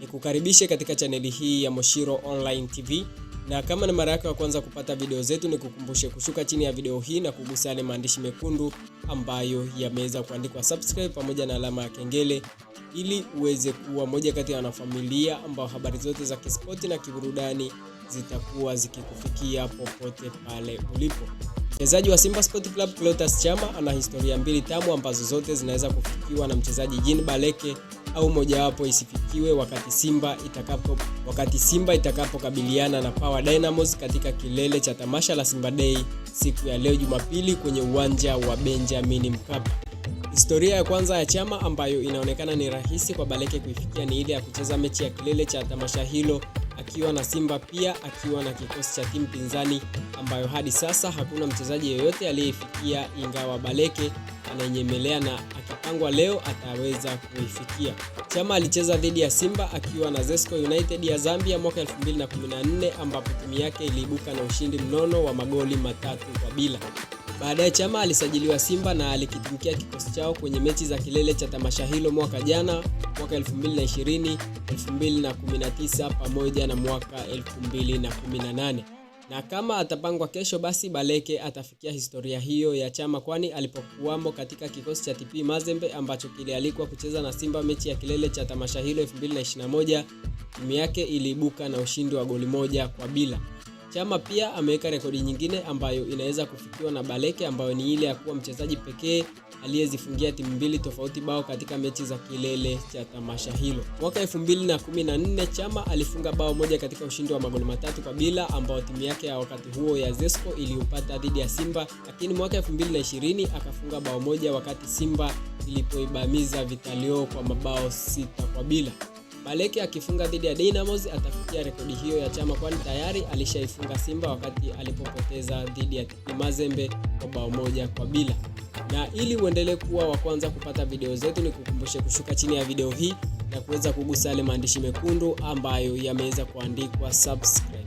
ni kukaribishe katika chaneli hii ya Moshiro Online TV, na kama ni mara yako ya kwanza kupata video zetu, ni kukumbushe kushuka chini ya video hii na kugusa yale maandishi mekundu ambayo yameweza kuandikwa subscribe pamoja na alama ya kengele ili uweze kuwa moja kati ya wanafamilia ambao habari zote za kispoti na kiburudani zitakuwa zikikufikia popote pale ulipo. Mchezaji wa Simba Sport Club Clatous Chama ana historia mbili tamu ambazo zote zinaweza kufikiwa na mchezaji Jean Baleke au mojawapo isifikiwe wakati Simba itakapo wakati Simba itakapokabiliana na Power Dynamos katika kilele cha tamasha la Simba Day siku ya leo Jumapili kwenye uwanja wa Benjamin Mkapa. Historia ya kwanza ya chama ambayo inaonekana ni rahisi kwa Baleke kuifikia ni ile ya kucheza mechi ya kilele cha tamasha hilo akiwa na Simba pia akiwa na kikosi cha timu pinzani ambayo hadi sasa hakuna mchezaji yeyote aliyeifikia, ingawa Baleke ananyemelea na akipangwa leo ataweza kuifikia. Chama alicheza dhidi ya Simba akiwa na Zesco United ya Zambia mwaka 2014 ambapo timu yake iliibuka na ushindi mnono wa magoli matatu kwa bila. Baadaye Chama alisajiliwa Simba na alikitumikia kikosi chao kwenye mechi za kilele cha tamasha hilo mwaka jana, mwaka 2020, 2019 pamoja na mwaka 2018. Na kama atapangwa kesho, basi Baleke atafikia historia hiyo ya Chama, kwani alipokuwamo katika kikosi cha TP Mazembe ambacho kilialikwa kucheza na Simba mechi ya kilele cha tamasha hilo 2021, timu yake iliibuka na ushindi wa goli moja kwa bila. Chama pia ameweka rekodi nyingine ambayo inaweza kufikiwa na Baleke ambayo ni ile ya kuwa mchezaji pekee aliyezifungia timu mbili tofauti bao katika mechi za kilele cha tamasha hilo. Mwaka 2014 Chama alifunga bao moja katika ushindi wa magoli matatu kwa bila ambao timu yake ya wakati huo ya Zesco iliupata dhidi ya Simba, lakini mwaka 2020 akafunga bao moja wakati Simba ilipoibamiza Vitalio kwa mabao sita kwa bila. Baleke akifunga dhidi ya Dynamos atafikia rekodi hiyo ya Chama, kwani tayari alishaifunga Simba wakati alipopoteza dhidi ya TP Mazembe kwa bao moja kwa bila. Na ili uendelee kuwa wa kwanza kupata video zetu, ni kukumbushe kushuka chini ya video hii na kuweza kugusa yale maandishi mekundu ambayo yameweza kuandikwa subscribe.